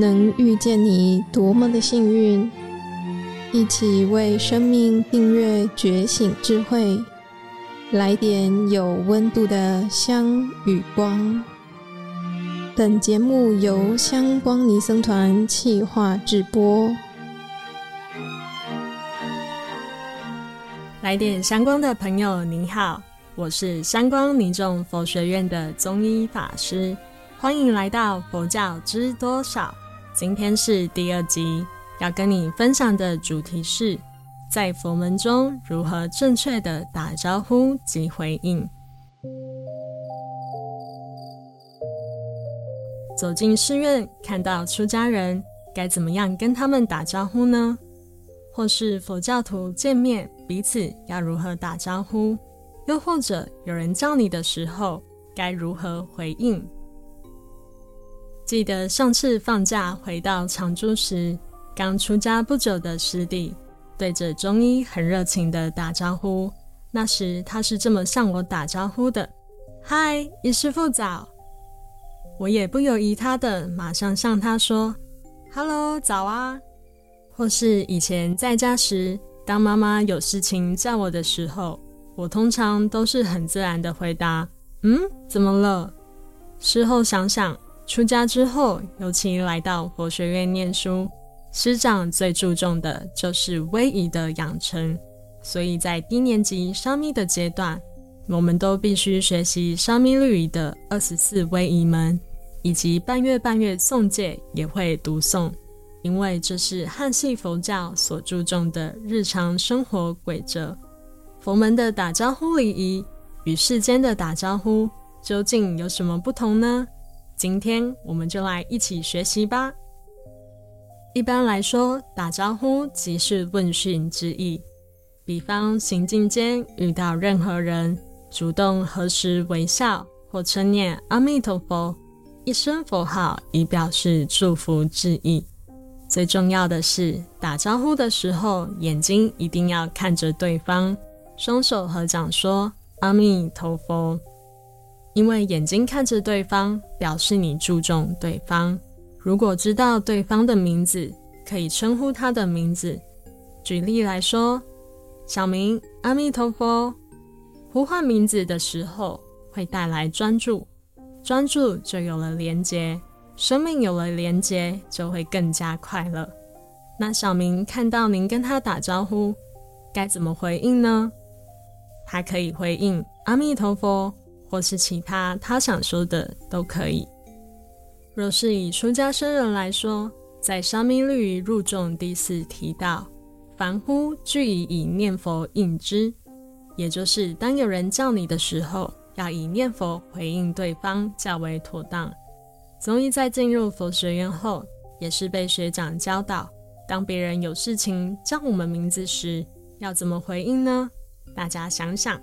能遇見你多麼的幸運！一起為生命訂閱覺醒智慧，來點有溫度的香與光。本節目由香光尼僧團企劃製播。來點香光的朋友，您好，我是香光尼眾佛學院的宗一法師，歡迎來到佛教知多少。今天是第二集，要跟你分享的主題是，在佛門中如何正確的打招呼及回應。走進寺院，看到出家人，該怎麼樣跟他們打招呼呢？或是佛教徒見面，彼此要如何打招呼？又或者有人叫你的時候，該如何回應？記得上次放假回到長洲時，剛出家不久的師弟對着中醫很熱情的打招呼。那時他是這麼向我打招呼的：“嗨，一師父早。”我也不猶疑，他的馬上向他說：“Hello，早啊。”或是以前在家時，當媽媽有事情叫我的時候，我通常都是很自然的回答：“嗯，怎麼了？”事後想想。出家之後，尤其來到佛學院念書，師長最注重的就是威儀的養成。所以在低年級沙彌的階段，我們都必須學習沙彌律儀的二十四威儀門，以及半月半月誦戒也會讀誦，因為這是漢系佛教所注重的日常生活規則。佛門的打招呼禮儀與世間的打招呼究竟有什麼不同呢？今天我們就來一起學習吧。一般來說，打招呼即是問訊之意。比方行進間遇到任何人，主動合十微笑，或稱念阿彌陀佛一聲佛號，以表示祝福之意。最重要的是，打招呼的時候眼睛一定要看着對方，雙手合掌說阿彌陀佛。因為眼睛看着對方，表示你注重對方。如果知道對方的名字，可以稱呼他的名字。舉例來說，小明，阿彌陀佛。呼喚名字的時候，會帶來專注，專注就有了連接，生命有了連接，就會更加快樂。那小明看到您跟他打招呼，該怎麼回應呢？他可以回應，阿彌陀佛。或是其他他想說的都可以。若是以出家僧人來說，在《沙彌律》入眾第四提到：“凡呼俱以,以念佛應之”，也就是當有人叫你的時候，要以念佛回應對方較為妥當。宗一在進入佛學院後，也是被學長教導，當別人有事情叫我們名字時，要怎麼回應呢？大家想想。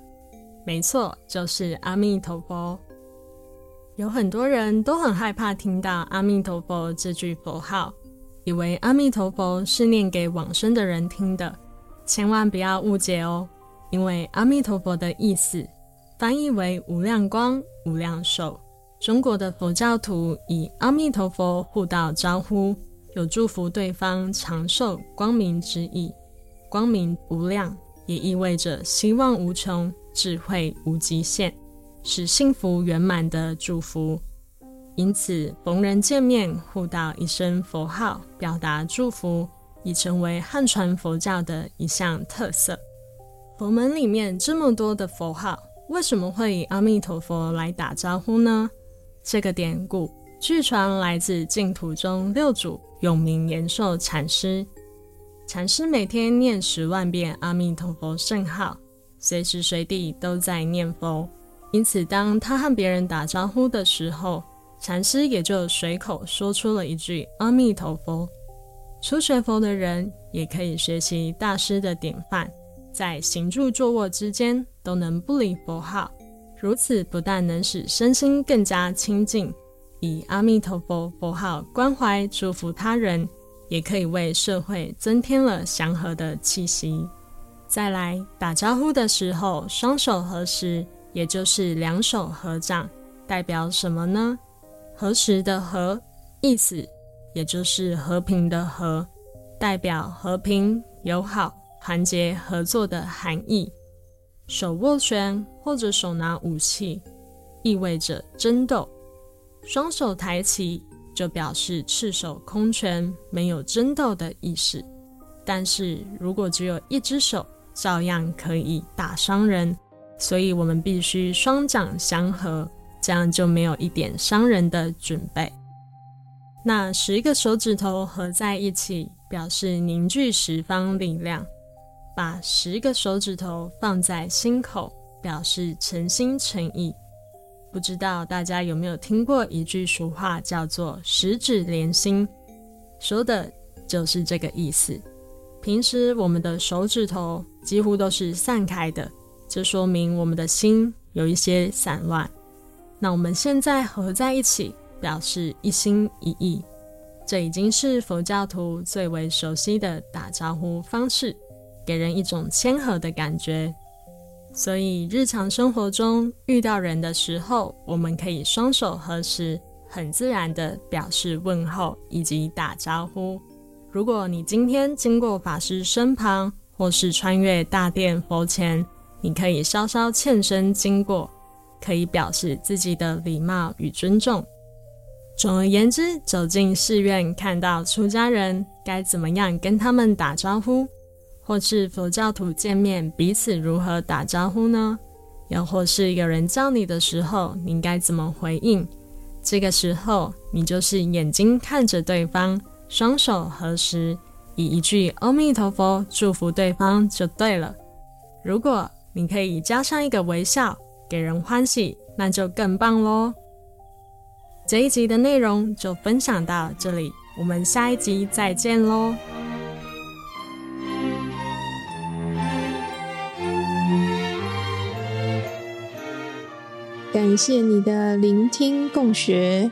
沒錯，就是阿彌陀佛。有很多人都很害怕聽到阿彌陀佛這句佛號，以為阿彌陀佛是念給往生的人聽的。千萬不要誤解哦，因為阿彌陀佛的意思翻譯為無量光、無量壽。中國的佛教徒以阿彌陀佛互道招呼，有祝福對方長壽光明之意。光明無量，也意味着希望無窮。智慧無極限，是幸福圓滿的祝福。因此，逢人見面互道一聲佛號，表達祝福，已成為漢傳佛教的一項特色。佛門裡面這麼多的佛號，為什麼會以阿彌陀佛來打招呼呢？這個典故據傳來自淨土宗六祖永明延壽禪師，禪師每天念十萬遍阿彌陀佛聖號。隨時隨地都在念佛，因此當他和別人打招呼的時候，禪師也就隨口說出了一句“阿彌陀佛”。初學佛的人也可以學習大師的典範，在行住坐臥之間都能不離佛號。如此不但能使身心更加清淨，以阿彌陀佛佛號關懷祝福他人，也可以為社會增添了祥和的氣息。再來打招呼的時候，雙手合十，也就是兩手合掌，代表什麼呢？合十的合，意思也就是和平的和，代表和平、友好、團結、合作的含義。手握拳或者手拿武器，意味着爭鬥。雙手抬起就表示赤手空拳，沒有爭鬥的意思。但是如果只有一只手，照樣可以打傷人，所以我們必須雙掌相合，這樣就沒有一點傷人的準備。那十個手指頭合在一起，表示凝聚十方力量；把十個手指頭放在心口，表示誠心誠意。不知道大家有沒有聽過一句俗話，叫做“十指連心”，說的就是這個意思。平時我們的手指頭幾乎都是散開的，這說明我們的心有一些散亂。那我們現在合在一起，表示一心一意。這已經是佛教徒最為熟悉的打招呼方式，給人一種謙和的感覺。所以日常生活中遇到人的時候，我們可以雙手合十，很自然地表示問候以及打招呼。如果你今天經過法師身旁，或是穿越大殿佛前，你可以稍稍欠身經過，可以表示自己的禮貌與尊重。總而言之，走進寺院看到出家人，該怎麼樣跟他們打招呼？或是佛教徒見面，彼此如何打招呼呢？又或是有人叫你的時候，你應該怎麼回應？這個時候，你就是眼睛看着對方，雙手合十，以一句“阿彌陀佛”祝福對方就對了。如果你可以加上一個微笑，給人歡喜，那就更棒咯。這一集的內容就分享到這裡，我們下一集再見嘍！感謝你的聆聽共學。